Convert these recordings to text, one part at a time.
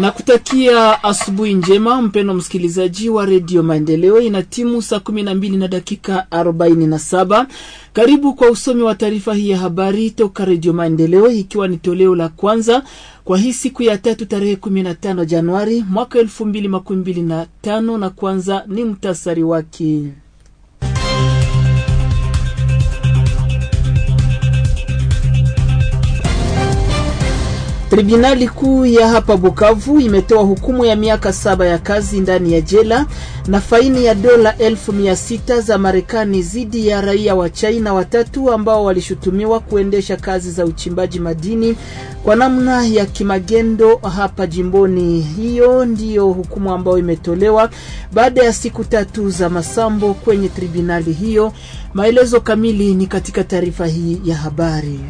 na kutakia asubuhi njema mpendo msikilizaji wa redio Maendeleo. Ina timu saa kumi na mbili na dakika arobaini na saba. Karibu kwa usomi wa taarifa hii ya habari toka redio Maendeleo, ikiwa ni toleo la kwanza kwa hii siku ya tatu tarehe kumi na tano Januari mwaka elfu mbili makumi mbili na tano, na kwanza ni mtasari wake. Tribunali kuu ya hapa Bukavu imetoa hukumu ya miaka saba ya kazi ndani ya jela na faini ya dola elfu mia sita za Marekani dhidi ya raia wa China watatu ambao walishutumiwa kuendesha kazi za uchimbaji madini kwa namna ya kimagendo hapa jimboni. Hiyo ndiyo hukumu ambayo imetolewa baada ya siku tatu za masambo kwenye tribunali hiyo. Maelezo kamili ni katika taarifa hii ya habari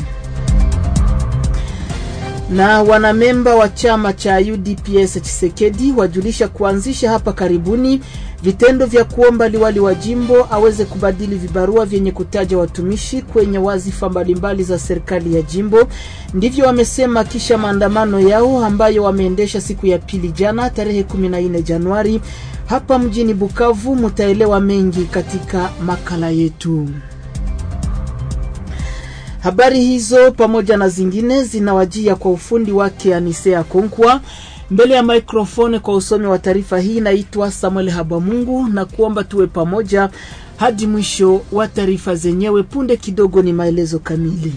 na wanamemba wa chama cha UDPS Chisekedi wajulisha kuanzisha hapa karibuni vitendo vya kuomba liwali wa jimbo aweze kubadili vibarua vyenye kutaja watumishi kwenye wazifa mbalimbali za serikali ya jimbo. Ndivyo wamesema kisha maandamano yao ambayo wameendesha siku ya pili jana, tarehe 14 Januari hapa mjini Bukavu. Mutaelewa mengi katika makala yetu. Habari hizo pamoja na zingine zinawajia kwa ufundi wake Anisea Konkwa mbele ya mikrofoni kwa usomi wa taarifa hii naitwa Samuel Habamungu na kuomba tuwe pamoja hadi mwisho wa taarifa zenyewe. Punde kidogo ni maelezo kamili.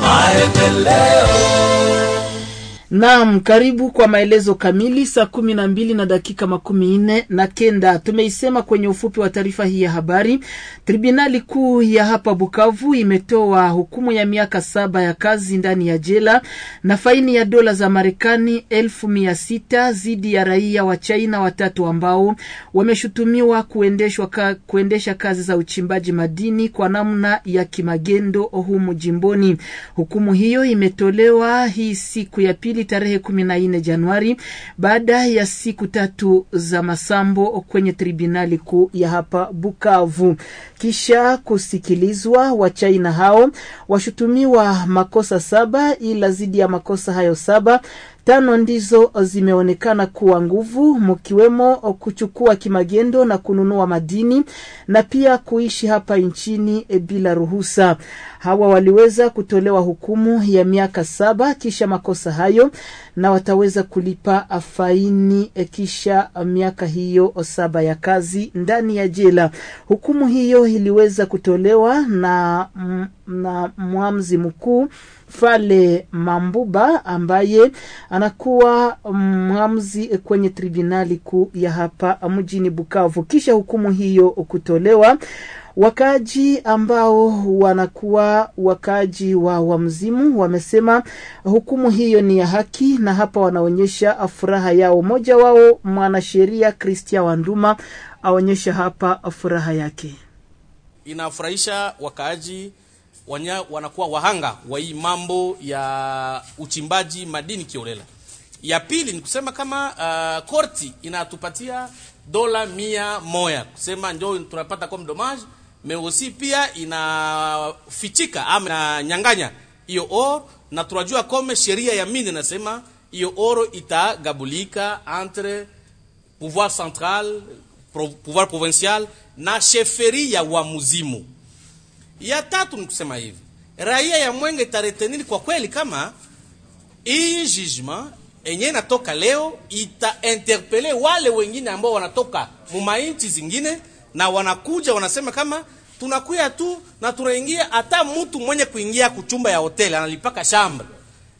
Maendeleo. Naam, karibu kwa maelezo kamili. Saa kumi na mbili na dakika makumi nne na kenda tumeisema kwenye ufupi wa taarifa hii ya habari. Tribunali kuu ya hapa Bukavu imetoa hukumu ya miaka saba ya kazi ndani ya jela na faini ya dola za Marekani elfu mia sita dhidi ya raia wa China watatu ambao wameshutumiwa kuendeshwa ka, kuendesha kazi za uchimbaji madini kwa namna ya kimagendo humu jimboni. Hukumu hiyo imetolewa hii siku ya pili tarehe 14 Januari baada ya siku tatu za masambo kwenye tribunali kuu ya hapa Bukavu. Kisha kusikilizwa Wachina hao washutumiwa makosa saba, ila zidi ya makosa hayo saba tano ndizo zimeonekana kuwa nguvu, mkiwemo kuchukua kimagendo na kununua madini na pia kuishi hapa nchini eh, bila ruhusa. Hawa waliweza kutolewa hukumu ya miaka saba kisha makosa hayo, na wataweza kulipa faini eh, kisha miaka hiyo saba ya kazi ndani ya jela. Hukumu hiyo iliweza kutolewa na, mm, na mwamzi mkuu Fale Mambuba ambaye anakuwa mwamuzi kwenye tribunali kuu ya hapa mjini Bukavu. Kisha hukumu hiyo kutolewa, wakaaji ambao wanakuwa wakaaji wa Wamzimu wamesema hukumu hiyo ni ya haki, na hapa wanaonyesha furaha yao. Mmoja wao mwanasheria kristia Wanduma aonyesha hapa furaha yake. Inafurahisha wakaaji wanya, wanakuwa wahanga wa hii mambo ya uchimbaji madini kiolela. Ya pili ni kusema kama uh, korti inatupatia dola mia moya kusema njo tunapata comme dommage meosi pia inafichika ama na nyanganya hiyo oro, na tunajua kome sheria ya mine nasema hiyo oro itagabulika entre pouvoir central pouvoir provincial na sheferia wa muzimu ya tatu ni kusema hivi, raia ya Mwenge itaretenini kwa kweli, kama hii jugement enye natoka leo ita itainterpele wale wengine ambao wanatoka mumainchi zingine na wanakuja wanasema kama tunakuya tu na tunaingia. Hata mtu mwenye kuingia kuchumba ya hoteli analipaka shambre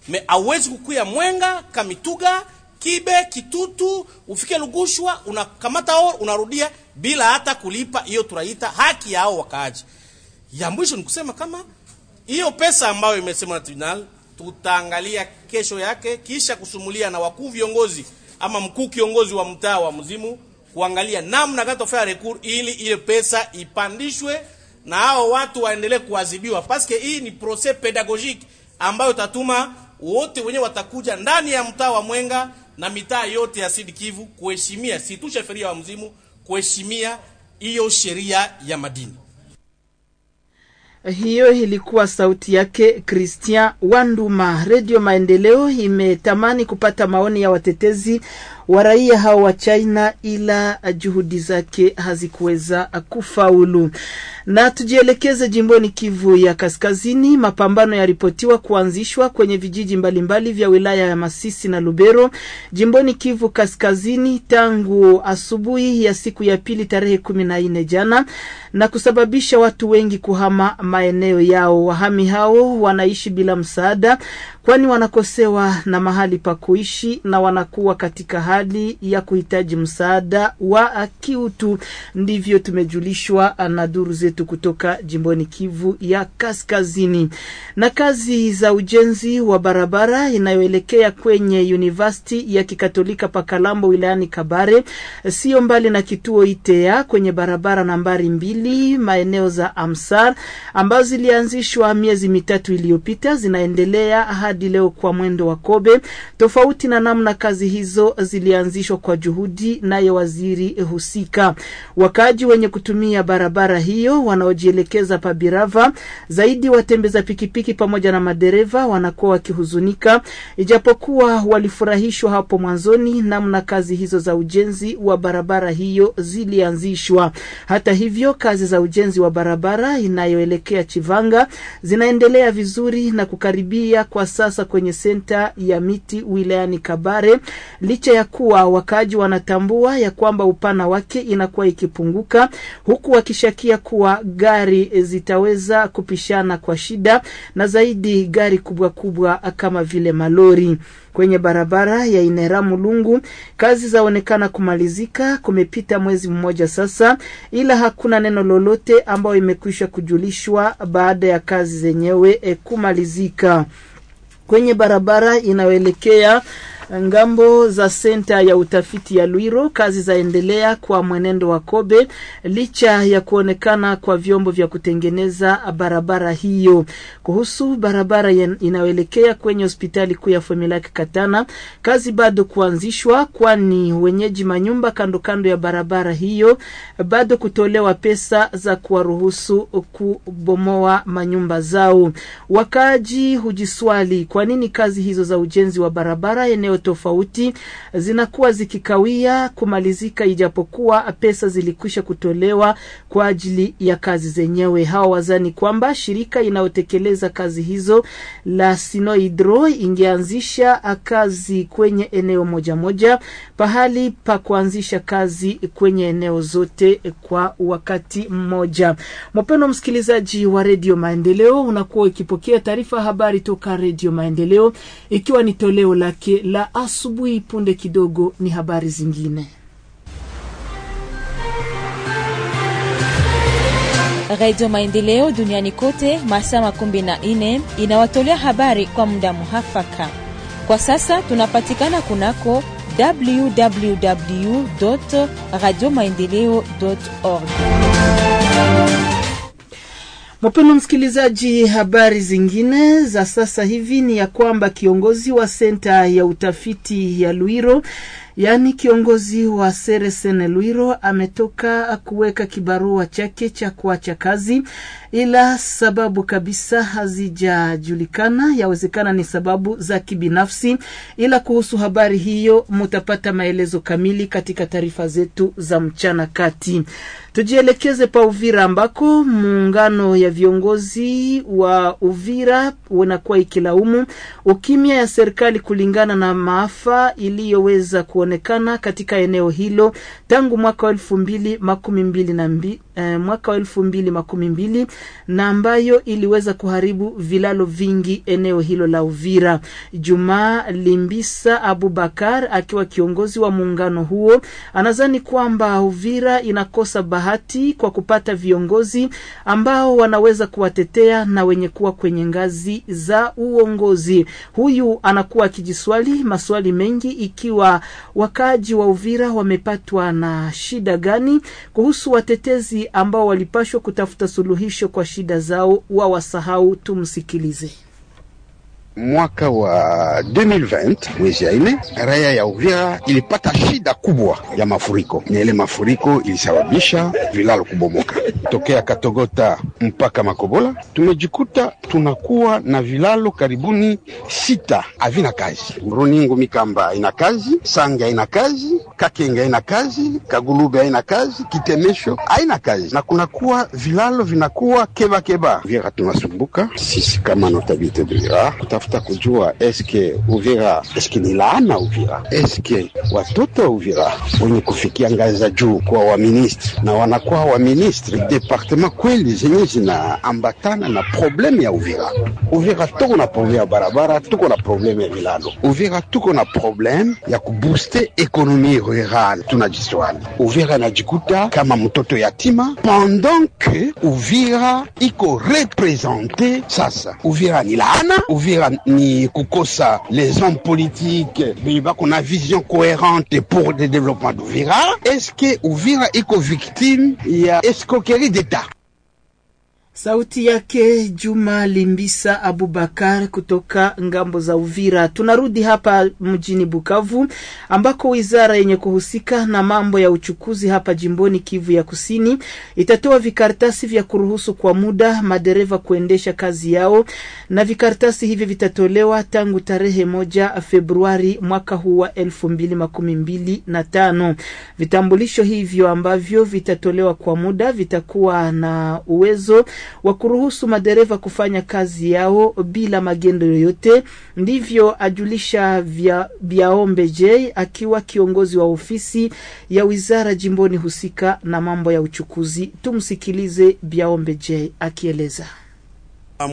me awezi kukuya Mwenga, Kamituga, Kibe, Kitutu ufike Lugushwa unakamata or unarudia bila hata kulipa. Hiyo tunaita haki yao wakaaji. Ya mwisho ni kusema kama hiyo pesa ambayo imesema na tribunal tutaangalia kesho yake, kisha kusumulia na wakuu viongozi ama mkuu kiongozi wa mtaa wa Mzimu kuangalia namna gani tofaya recours ili ile pesa ipandishwe na hao watu waendelee kuadhibiwa, paske hii ni proces pedagogique ambayo tatuma wote wenye watakuja ndani ya mtaa wa Mwenga na mitaa yote ya Sud Kivu kuheshimia situ sheria wa Mzimu, kuheshimia hiyo sheria ya madini. Hiyo ilikuwa sauti yake Christian Wanduma. redio Maendeleo imetamani kupata maoni ya watetezi wa raia hao wa China, ila juhudi zake hazikuweza kufaulu. Na tujielekeze jimboni Kivu ya Kaskazini. Mapambano yaripotiwa kuanzishwa kwenye vijiji mbalimbali mbali vya wilaya ya Masisi na Lubero jimboni Kivu Kaskazini tangu asubuhi ya siku ya pili tarehe kumi na nne jana, na kusababisha watu wengi kuhama maeneo yao. Wahami hao wanaishi bila msaada kwani wanakosewa na mahali pa kuishi na wanakuwa katika hali ya kuhitaji msaada wa kiutu. Ndivyo tumejulishwa na duru zetu kutoka jimboni Kivu ya Kaskazini. Na kazi za ujenzi wa barabara inayoelekea kwenye University ya Kikatolika Pakalambo wilayani Kabare, sio mbali na kituo Itea, kwenye barabara nambari mbili maeneo za Amsar ambazo zilianzishwa miezi mitatu iliyopita, zinaendelea hadi hadi leo kwa mwendo wa kobe, tofauti na namna kazi hizo zilianzishwa kwa juhudi naye waziri husika. Wakaaji wenye kutumia barabara hiyo wanaojielekeza pabirava zaidi watembeza pikipiki pamoja na madereva, wanakuwa wakihuzunika, ijapokuwa walifurahishwa hapo mwanzoni namna kazi hizo za ujenzi wa barabara hiyo zilianzishwa. Hata hivyo, kazi za ujenzi wa barabara inayoelekea Chivanga zinaendelea vizuri na kukaribia kwa sasa sasa kwenye senta ya miti wilayani Kabare, licha ya kuwa wakaaji wanatambua ya kwamba upana wake inakuwa ikipunguka, huku wakishakia kuwa gari zitaweza kupishana kwa shida, na zaidi gari kubwa kubwa kama vile malori kwenye barabara ya inera mulungu kazi zaonekana kumalizika. Kumepita mwezi mmoja sasa, ila hakuna neno lolote ambayo imekwisha kujulishwa baada ya kazi zenyewe eh, kumalizika kwenye barabara inayoelekea Ngambo za senta ya utafiti ya Lwiro, kazi zaendelea kwa mwenendo wa kobe licha ya kuonekana kwa vyombo vya kutengeneza barabara hiyo. Kuhusu barabara inayoelekea kwenye hospitali kuu ya Fomelaki Katana, kazi bado kuanzishwa, kwani wenyeji manyumba kando kando ya barabara hiyo bado kutolewa pesa za kuwaruhusu kubomoa manyumba zao. Wakaaji hujiswali kwa nini kazi hizo za ujenzi wa barabara eneo tofauti zinakuwa zikikawia kumalizika, ijapokuwa pesa zilikwisha kutolewa kwa ajili ya kazi zenyewe. Hawa wazani kwamba shirika inayotekeleza kazi hizo la Sinohydro ingeanzisha kazi kwenye eneo moja moja pahali pa kuanzisha kazi kwenye eneo zote kwa wakati mmoja. Mpendwa msikilizaji wa Redio Maendeleo, unakuwa ukipokea taarifa habari toka Redio Maendeleo, ikiwa ni toleo lake la asubuhi punde kidogo ni habari zingine radio Maendeleo duniani kote masaa makumi na nne inawatolea habari kwa muda muhafaka. Kwa sasa tunapatikana kunako www radio maendeleo org Mpendwa msikilizaji, habari zingine za sasa hivi ni ya kwamba kiongozi wa senta ya utafiti ya Luiro yaani kiongozi wa Seresene Luiro ametoka kuweka kibarua chake cha kuacha kazi ila sababu kabisa hazijajulikana. Yawezekana ni sababu za kibinafsi, ila kuhusu habari hiyo mutapata maelezo kamili katika taarifa zetu za mchana kati. Tujielekeze pa Uvira ambako muungano ya viongozi wa Uvira unakuwa ikilaumu ukimya ya serikali kulingana na maafa iliyoweza kuonekana katika eneo hilo tangu mwaka wa elfu mbili makumi mbili na mbili eh, mwaka wa elfu mbili makumi mbili na ambayo iliweza kuharibu vilalo vingi eneo hilo la Uvira. jumaa Limbisa Abubakar akiwa kiongozi wa muungano huo anazani kwamba Uvira inakosa bahati kwa kupata viongozi ambao wanaweza kuwatetea na wenye kuwa kwenye ngazi za uongozi. Huyu anakuwa akijiswali maswali mengi, ikiwa wakaaji wa Uvira wamepatwa na shida gani kuhusu watetezi ambao walipashwa kutafuta suluhisho kwa shida zao wawasahau. Tumsikilize mwaka wa 2020 mwezi ya ine, raia ya Uvira ilipata shida kubwa ya mafuriko, na ile mafuriko ilisababisha vilalo kubomoka. Tokea Katogota mpaka Makobola tumejikuta tunakuwa na vilalo karibuni sita havina kazi. Runingu Mikamba ina kazi, Sanga ina kazi, Kakenga ina kazi, Kaguluga ina kazi, Kitemesho haina kazi, na kunakuwa vilalo vinakuwa keba. Vira tunasumbuka sisi kama notabite kutafuta tunatafuta kujua eske Uvira eske ni laana Uvira, eske watoto wa Uvira wenye kufikia ngazi za juu kwa waministri na wanakuwa waministri departement kweli zenye zinaambatana na problemu ya Uvira. Uvira tuko na problemu ya barabara, tuko na problemu ya milalo Uvira, tuko na problemu ya kubuste ekonomi rurale. tunajiswali Uvira najikuta kama mtoto yatima pendant que Uvira iko represente sasa. Uvira ni laana Uvira ni kukosa les hommes politiques mais qu'on a vision cohérente pour le développement est-ce d'Uvira. que Uvira est victime ya escroquerie d'État? Sauti yake Juma Limbisa Abubakar kutoka ngambo za Uvira. Tunarudi hapa mjini Bukavu ambako wizara yenye kuhusika na mambo ya uchukuzi hapa jimboni Kivu ya Kusini itatoa vikaratasi vya kuruhusu kwa muda madereva kuendesha kazi yao, na vikaratasi hivi vitatolewa tangu tarehe moja Februari mwaka huu wa elfu mbili makumi mbili na tano. Vitambulisho hivyo ambavyo vitatolewa kwa muda vitakuwa na uwezo wa kuruhusu madereva kufanya kazi yao bila magendo yoyote, ndivyo ajulisha vya Biaombe J akiwa kiongozi wa ofisi ya wizara jimboni husika na mambo ya uchukuzi. Tumsikilize Biaombe J akieleza.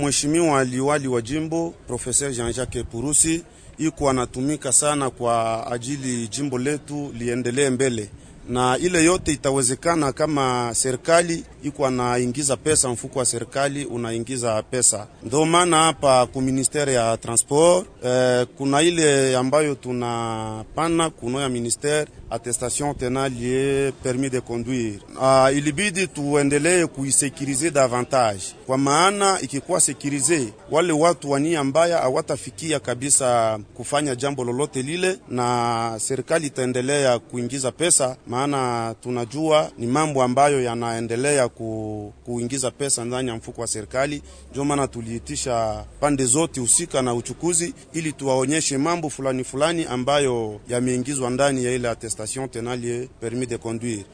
Mheshimiwa liwali wa jimbo Profesa Jean-Jacques Purusi iko anatumika sana kwa ajili jimbo letu liendelee mbele na ile yote itawezekana kama serikali iko anaingiza pesa, mfuko wa serikali unaingiza pesa. Ndio maana hapa ku ministere ya transport eh, kuna ile ambayo tunapana kuno ya ministere attestation tenant permis de conduire. Ah, ilibidi tuendelee kuisekirize davantage, kwa maana ikikuwa sekirize wale watu wani mbaya hawatafikia kabisa kufanya jambo lolote lile, na serikali itaendelea kuingiza pesa maana tunajua ni mambo ambayo yanaendelea ku, kuingiza pesa ndani ya mfuko wa serikali. Ndio maana tuliitisha pande zote husika na uchukuzi, ili tuwaonyeshe mambo fulani fulani ambayo yameingizwa ndani ya ile attestation tenalie permis de conduire.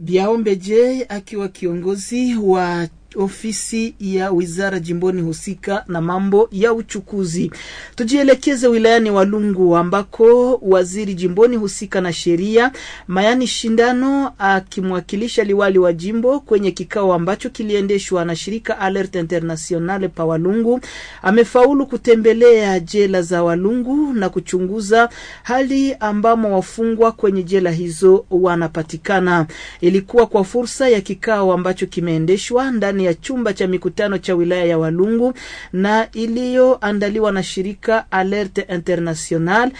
Biaombe J akiwa kiongozi wa ofisi ya wizara jimboni husika na mambo ya uchukuzi. Tujielekeze wilayani Walungu ambako waziri jimboni husika na sheria Mayani Shindano akimwakilisha liwali wa jimbo kwenye kikao ambacho kiliendeshwa na shirika Alert Internationale pa Walungu amefaulu kutembelea jela za Walungu na kuchunguza hali ambamo wafungwa kwenye jela hizo wanapatikana. Ilikuwa kwa fursa ya kikao ambacho kimeendeshwa ndani ndani ya chumba cha mikutano cha wilaya ya Walungu na iliyoandaliwa na shirika Alerte International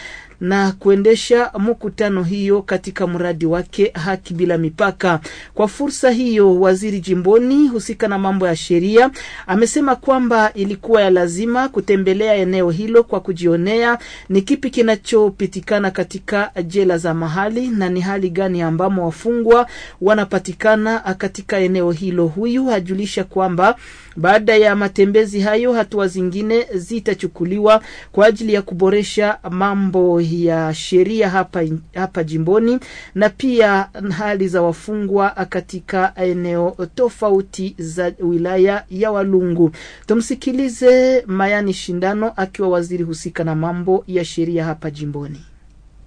na kuendesha mkutano hiyo katika mradi wake haki bila mipaka. Kwa fursa hiyo, waziri jimboni husika na mambo ya sheria amesema kwamba ilikuwa ya lazima kutembelea eneo hilo kwa kujionea ni kipi kinachopitikana katika jela za mahali na ni hali gani ambamo wafungwa wanapatikana katika eneo hilo. Huyu ajulisha kwamba baada ya matembezi hayo, hatua zingine zitachukuliwa kwa ajili ya kuboresha mambo ya sheria hapa, hapa jimboni na pia hali za wafungwa katika eneo tofauti za wilaya ya Walungu. Tumsikilize Mayani Shindano akiwa waziri husika na mambo ya sheria hapa jimboni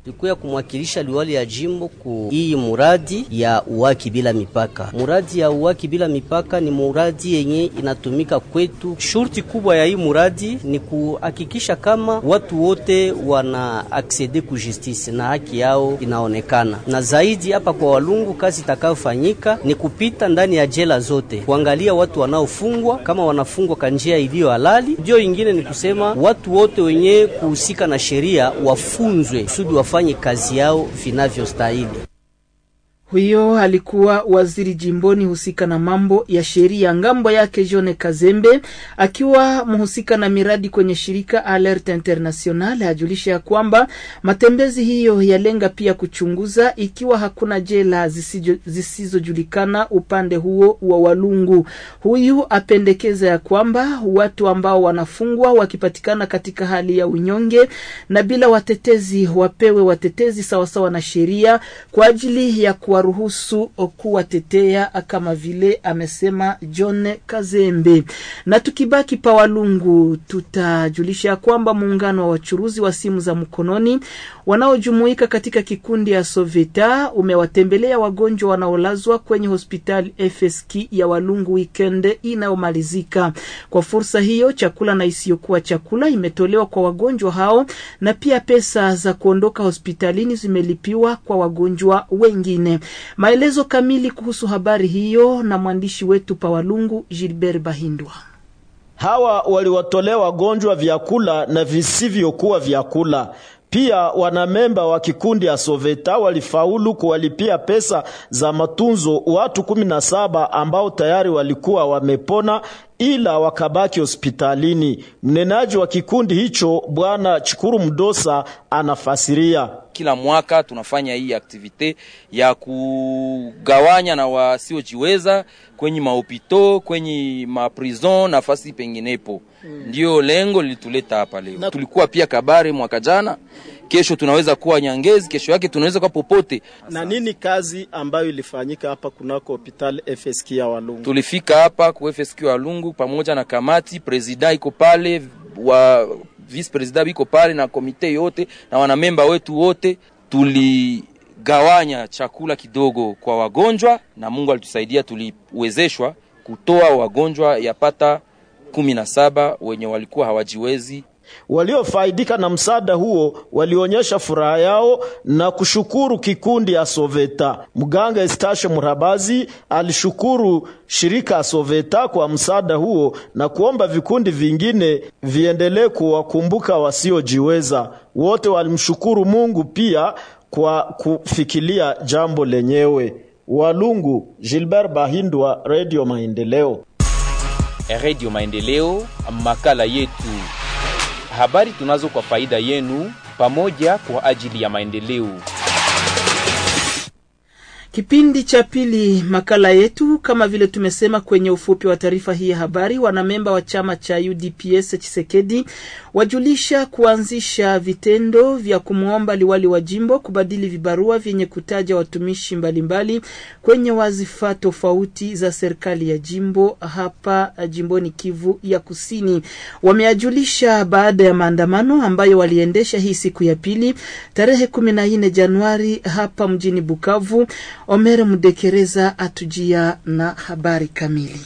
tulikuya kumwakilisha liwali ya jimbo ku hii muradi ya uwaki bila mipaka. Muradi ya uwaki bila mipaka ni muradi yenye inatumika kwetu. Shurti kubwa ya hii muradi ni kuhakikisha kama watu wote wana aksede ku justice na haki yao inaonekana, na zaidi hapa kwa Walungu, kazi itakayofanyika ni kupita ndani ya jela zote kuangalia watu wanaofungwa kama wanafungwa kwa njia iliyo halali. Ndio ingine ni kusema watu wote wenye kuhusika na sheria wafunzwe kusudi wafanye kazi yao vinavyostahili. Huyo alikuwa waziri jimboni husika na mambo ya sheria ngambo yake Jone Kazembe, akiwa mhusika na miradi kwenye shirika Alert International, ajulisha ya kwamba matembezi hiyo yalenga pia kuchunguza ikiwa hakuna jela zisizojulikana upande huo wa Walungu. Huyu apendekeza ya kwamba watu ambao wanafungwa wakipatikana katika hali ya unyonge na bila watetezi wapewe watetezi sawasawa na sheria kwa ajili ya kuwa kuwaruhusu kuwatetea, kama vile amesema John Kazembe. Na tukibaki pa Walungu, tutajulisha kwamba muungano wa wachuruzi wa simu za mkononi wanaojumuika katika kikundi ya Soveta umewatembelea wagonjwa wanaolazwa kwenye hospitali FSK ya Walungu weekend inayomalizika. Kwa fursa hiyo, chakula na isiyokuwa chakula imetolewa kwa wagonjwa hao na pia pesa za kuondoka hospitalini zimelipiwa kwa wagonjwa wengine. Maelezo kamili kuhusu habari hiyo na mwandishi wetu Pawalungu Gilbert Bahindwa. Hawa waliwatolea wagonjwa vyakula na visivyokuwa vyakula. Pia wanamemba wa kikundi ya Soveta walifaulu kuwalipia pesa za matunzo watu 17 ambao tayari walikuwa wamepona ila wakabaki hospitalini. Mnenaji wa kikundi hicho Bwana Chikuru Mdosa anafasiria kila mwaka tunafanya hii aktivite ya kugawanya na wasiojiweza kwenye mahopito, kwenye maprison, nafasi penginepo. hmm. Ndio lengo lilituleta hapa leo na... tulikuwa pia Kabare mwaka jana, kesho tunaweza kuwa Nyangezi, kesho yake tunaweza kuwa popote. Na nini kazi ambayo ilifanyika hapa kunako hospital FSK ya Walungu? Tulifika hapa ku FSK ya Walungu pamoja na kamati, presida iko pale wa vice president biko pale na komite yote na wanamemba wetu wote, tuligawanya chakula kidogo kwa wagonjwa, na Mungu alitusaidia, tuliwezeshwa kutoa wagonjwa yapata kumi na saba wenye walikuwa hawajiwezi Waliofaidika na msaada huo walionyesha furaha yao na kushukuru kikundi Asoveta. Mganga Estashe Murabazi alishukuru shirika Asoveta kwa msaada huo na kuomba vikundi vingine viendelee kuwakumbuka wasiojiweza. Wote walimshukuru Mungu pia kwa kufikilia jambo lenyewe. Walungu, Gilbert Bahindwa, Radio Maendeleo. Radio Maendeleo, makala yetu habari tunazo kwa faida yenu pamoja kwa ajili ya maendeleo. Kipindi cha pili makala yetu, kama vile tumesema kwenye ufupi wa taarifa hii ya habari, wanamemba wa chama cha UDPS Chisekedi wajulisha kuanzisha vitendo vya kumwomba liwali wa jimbo kubadili vibarua vyenye kutaja watumishi mbalimbali mbali kwenye wazifa tofauti za serikali ya jimbo hapa jimboni Kivu ya Kusini. Wameajulisha baada ya maandamano ambayo waliendesha hii siku ya pili tarehe 14 Januari hapa mjini Bukavu. Omer Mdekereza atujia na habari kamili.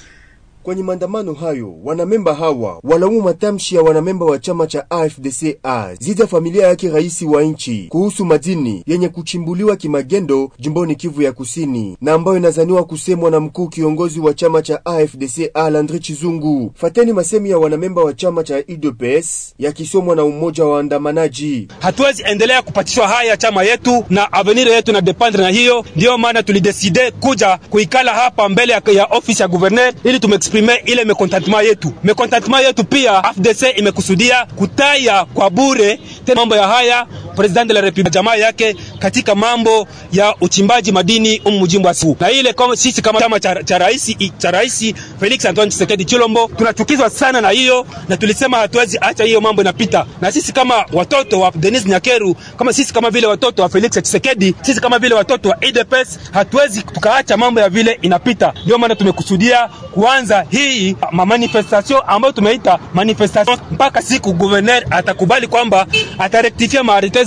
Kwenye maandamano hayo wanamemba hawa walaumu matamshi ya wanamemba wa chama cha afdc zidi ya familia yake rais wa nchi kuhusu madini yenye kuchimbuliwa kimagendo jimboni Kivu ya Kusini, na ambayo inazaniwa kusemwa na mkuu kiongozi wa chama cha afdc Landri Chizungu. Fateni masemi ya wanamemba wa chama cha UDPS yakisomwa na umoja wa andamanaji Hatuwezi endelea kupatishwa haya chama yetu na avenir yetu na dependre na hiyo, ndiyo maana tulideside kuja kuikala hapa mbele ya ofisi ya guverner ili tume kuexprime ile mekontantema yetu. Mekontantema yetu pia FDC imekusudia kutaya kwa bure tena mambo ya haya president de la republique jamaa yake katika mambo ya uchimbaji madini umu mjimbo asiku na ile kama sisi kama chama cha, cha rais cha rais Felix Antoine Tshisekedi Chilombo tunachukizwa sana na hiyo, na tulisema hatuwezi acha hiyo mambo inapita, na sisi kama watoto wa Denis Nyakeru, kama sisi kama vile watoto wa Felix Tshisekedi, sisi kama vile watoto wa UDPS hatuwezi tukaacha mambo ya vile inapita. Ndio maana tumekusudia kuanza kuleta hii ah, ma manifestation ambayo tumeita manifestation mpaka siku gouverneur atakubali kwamba atarektifia maarite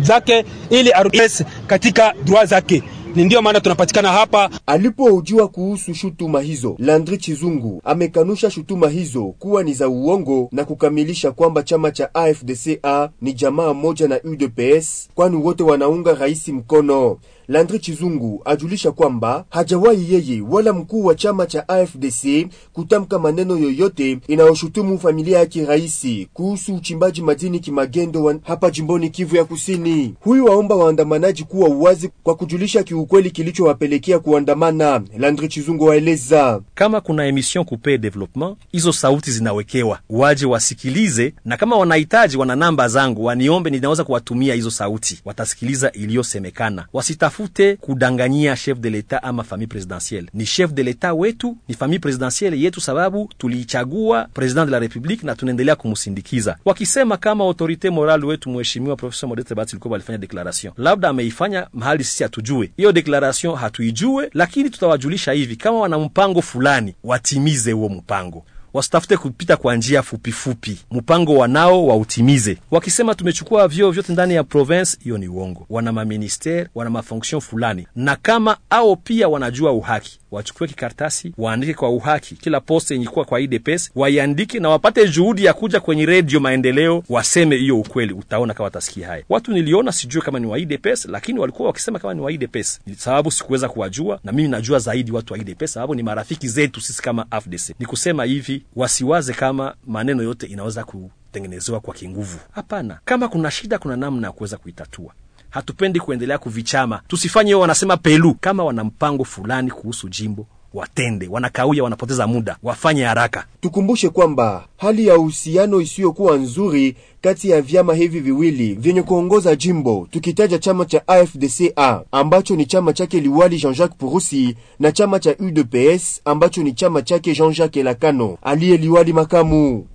zake ili arudies katika droit zake ni ndiyo maana tunapatikana hapa. Alipoujiwa kuhusu shutuma hizo, Landri Chizungu amekanusha shutuma hizo kuwa ni za uongo na kukamilisha kwamba chama cha AFDCA ni jamaa moja na UDPS, kwani wote wanaunga rais mkono. Landry Chizungu ajulisha kwamba hajawahi yeye wala mkuu wa chama cha AFDC kutamka maneno yoyote inayoshutumu familia yake raisi kuhusu uchimbaji madini kimagendo hapa jimboni Kivu ya Kusini. Huyu waomba waandamanaji kuwa uwazi kwa kujulisha kiukweli kilichowapelekea kuandamana. Landry Chizungu waeleza kama kuna emission coupe development, hizo sauti zinawekewa waje wasikilize, na kama wanahitaji, wana namba zangu, waniombe, ninaweza kuwatumia hizo sauti, watasikiliza iliyosemekana wasita tutafute kudanganyia chef de leta ama famille presidentielle. Ni chef de leta wetu, ni famille presidentielle yetu, sababu tuliichagua president de la republique na tunaendelea kumusindikiza. Wakisema kama autorite moral wetu mheshimiwa Profesa Modeste Bahati Lukwebo alifanya deklaration, labda ameifanya mahali sisi hatujue, hiyo deklaration hatuijue, lakini tutawajulisha hivi, kama wana mpango fulani watimize huo mpango wasitafute kupita kwa njia fupifupi, mpango wanao wautimize. Wakisema tumechukua vyeo vyote ndani ya province, hiyo ni uongo. Wana maministeri, wana mafonction fulani, na kama ao pia wanajua uhaki, wachukue kikartasi waandike kwa uhaki, kila poste yenye kuwa kwa IDPS waiandike na wapate juhudi ya kuja kwenye redio Maendeleo waseme hiyo ukweli. Utaona kama watasikia haya watu. Niliona sijue kama ni wa IDPS, lakini walikuwa wakisema kama ni wa IDPS, sababu sikuweza kuwajua, na mimi najua zaidi watu wa IDPS sababu ni marafiki zetu sisi kama AFDC. Ni kusema hivi wasiwaze kama maneno yote inaweza kutengenezewa kwa kinguvu. Hapana, kama kuna shida, kuna namna ya kuweza kuitatua. Hatupendi kuendelea kuvichama, tusifanye wao wanasema pelu. Kama wana mpango fulani kuhusu jimbo watende, wanakauya, wanapoteza muda, wafanye haraka. Tukumbushe kwamba hali ya uhusiano isiyokuwa nzuri kati ya vyama hivi viwili vyenye kuongoza jimbo, tukitaja chama cha AFDCA ambacho ni chama chake liwali Jean-Jacques Purusi na chama cha UDPS ambacho ni chama chake Jean-Jacques Elakano aliye liwali makamu.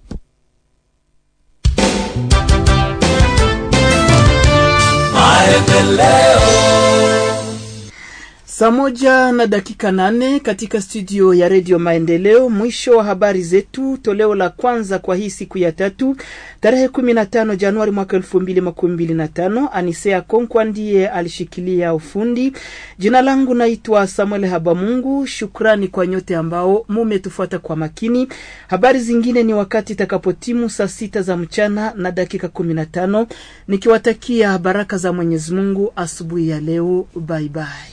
Maendeleo. Saa moja na dakika nane katika studio ya redio Maendeleo. Mwisho wa habari zetu toleo la kwanza kwa hii siku ya tatu tarehe 15 Januari mwaka 2025. Anisea Konkwa ndiye alishikilia ufundi. Jina langu naitwa Samuel Habamungu. Shukrani kwa nyote ambao mumetufuata kwa makini. Habari zingine ni wakati itakapotimu saa sita za mchana na dakika 15, nikiwatakia baraka za Mwenyezi Mungu asubuhi ya leo. Bye bye.